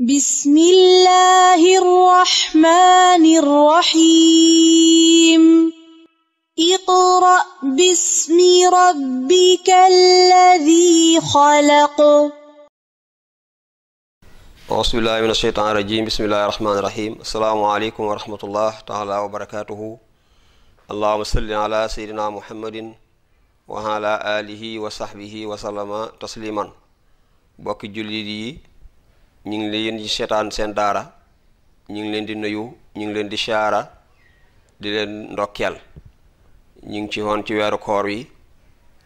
بسم الله الرحمن الرحيم اقرأ باسم ربك الذي خلق أعوذ بالله من الشيطان الرجيم بسم الله الرحمن الرحيم السلام عليكم ورحمة الله تعالى وبركاته اللهم صل على سيدنا محمد وعلى آله وصحبه وسلم تسليما بوك جلدي ñu ngi leen di seetaan seen daara ñu ngi leen di nuyu ñu ngi leen di siyaara di leen ndokkeel ñu ngi ci woon ci weeru koor wi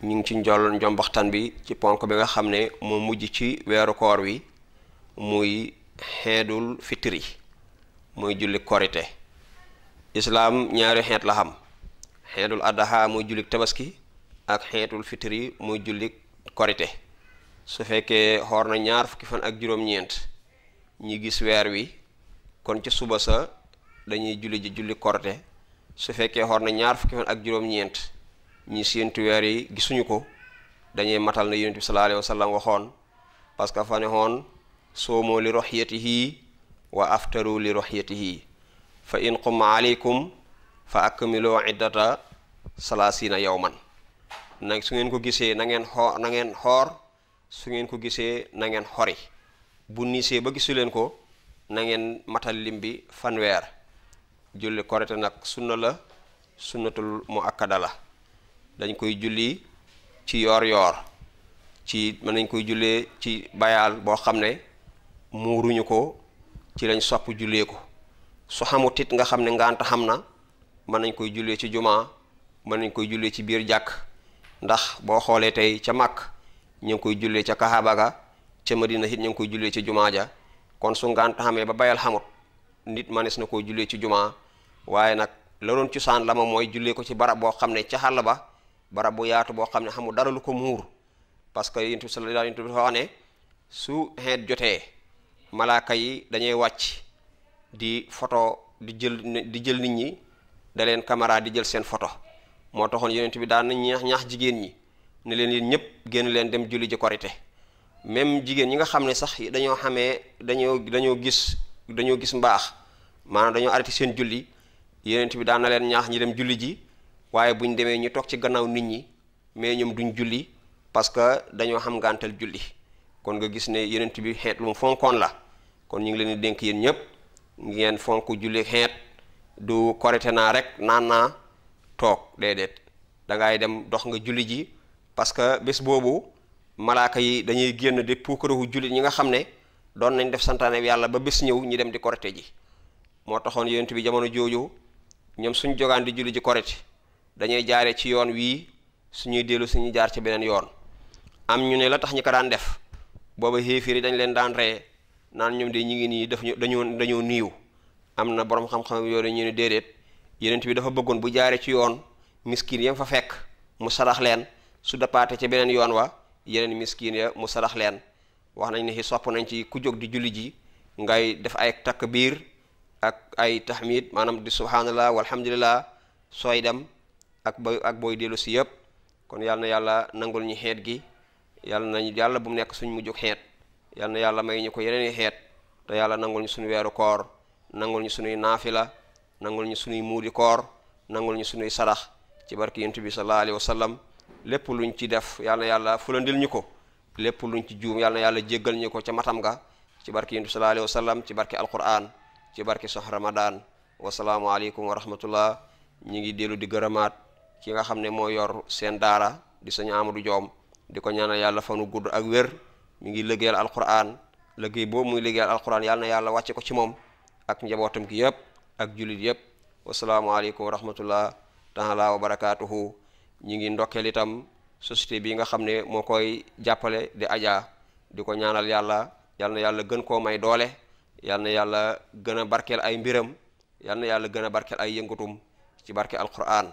ñu ngi ci njol njombaxtan bi ci ponk bi nga xam ne moo mujj ci weeru koor wi muy xeetul fitri muy julli korite islaam ñaari xeet la xam xeetul addaha muy jullik tabaski ak xeetul fitri muy julli korite su fekkee xoor na ñaar fukki fan ak juróom-ñeent ñi gis weer wi kon ci suba sa dañuy julli ji julli korte su fekkee xoor na ñaar fukki fan ak juróom-ñeent ñi yentu weer yi gisuñu ko dañuy matal na yonent bi sallallahu alayhi wa sallam waxoon parce que fa ne xoon soomoo li ru'yatihi wa aftaru li ru'yatihi fa in qumma aleykum fa akmilu iddata salaasina yawman na su ngeen ko gisee na ngeen xoor nangeen ngeen xoor su ngeen ko gisee na ngeen xori bu niisee ba gisuleen ko nangeen matal lim bi fanweer julli korite nag sunna la sunnatul mu akkada la dañ koy julli ci yoor yoor ci mën nañ koy jullee ci bayaal boo xam ne muuruñu ko ci lañ sopp jullee ko su xamu it nga xam ne ngànt xam na mën nañ koy jullee ci jumaa mën nañ koy jullee ci biir jàkk ndax boo xoolee tey ca màkk ñu koy jullee ca kaxaba ga ca Madina it ñu ngi koy jullee ci jumaa ja kon su ngànt xamee ba bayal xamut nit manes na koo jullee ci jumaa waaye nag la doon cosaan la ma mooy jullee ko ci barab boo xam ne ca xàll ba barab bu yaatu boo xam ne xamul dara ko muur parce que yonent bi sallallahu alayhi wa sallam su xeet jotee malaaka yi dañuy wàcc di photo di jël jël nit ñi da leen caméra di jël seen photo moo taxoon bi daan na ñaax ñaax jigéen ñi ne leen yéen ñëpp génn leen dem julli ji korite même jigéen ñi nga xam ne sax dañoo xamee dañoo dañoo gis dañoo gis mbaax maanaam dañoo arrêté seen julli yeneen bi daan na leen ñaax ñi dem julli ji waaye bu ñu demee ñu toog ci gannaaw nit ñi mais ñoom duñ julli parce que dañoo xam ngàntal julli kon nga gis ne yeneen bi xeet lu mu fonkoon la kon ñu ngi leen dénk yéen ñëpp ngeen fonk julli xeet du korite naa rek naan naa toog déedéet da ngay dem dox nga julli ji parce que bés boobu. malaaka yi dañuy génn di puukaruhu jullit ñi nga xam ne doon nañ def santaane yàlla ba bés ñëw ñu dem di korite ji moo taxoon yonent bi jamono jooju ñoom suñ jogaan di julli ji korite dañuy jaare ci yoon wii suñuy dellu suñuy jaar ci beneen yoon am ñu ne la tax ñu ko daan def booba xéeféer yi dañ leen daan reye naan ñoom de ñu ngi nii daf ñu dañoo dañoo niiw am na boroom xam-xam yoo ñu ne déedéet yonent bi dafa bëggoon bu jaaree ci yoon miskin yam fa fekk mu sarax leen su dapaate ci beneen yoon wa yeneen miskin ya mu sarax leen wax nañ ne ci sopp nañ ci ku jóg di julli ji ngay def ay takk biir ak ay tahmid maanaam di subhanallah walhamdulillah sooy dem ak boy ak booy dellu si yëpp kon yàlla na yàlla nangul ñu xeet gi yal nañ yàlla bu nekk suñ mujjug xeet yal na yàlla may ñu ko yeneen i xeet te yàlla nangul ñu suñu weeru koor nangul ñu suñuy naafila nangul ñu suñuy muudi koor nangul ñu suñuy sarax ci barki yonent bi sallallahu alayhi wa lépp lu luñ ci def yal na yàlla fulandil ñu ko lépp luñ ci juum yal na yàlla jéggal ñu ko ca matam ga ci barki yunus sallallahu alayhi wa sallam ci barki alquran ci barki sox ramadan wasalaamualeykum wa rahmatullah ñi ngi dellu di gërëmaat ki nga xam ne moo yor seen daara di sañu amadu joom di ko ñaanal yàlla fanu gudd ak wér mu ngi liggéeyal alquran liggéey boobu muy liggéeyal alquran yal na yàlla wàcce ko ci moom ak njabootam gi yëpp ak jullit yëpp wasalaamualeykum wa rahmatullah taala wa barakaatuhu ñu ngi ndokkeel itam société bi nga xam ne moo koy jàppale di Adja di ko ñaanal yàlla yal yàlla gën koo may doole yal na yàlla gën a barkeel ay mbiram yal yàlla gën a barkeel ay yëngatum ci barke alquran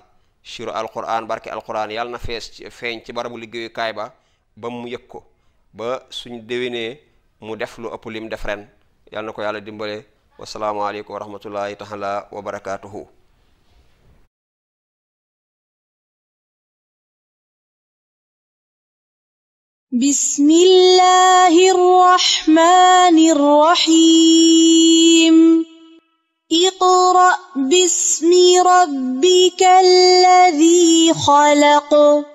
siru alquran barke alquran yal na fees feeñ ci barabu liggéeyukaay ba ba mu yëg ko ba suñ déwénee mu def lu ëpp lim def ren yal na ko yàlla dimbale wasalaamualeykum wa rahmatullahi taala wa barakaatuhu بسم الله الرحمن الرحيم اقرأ باسم ربك الذي خلق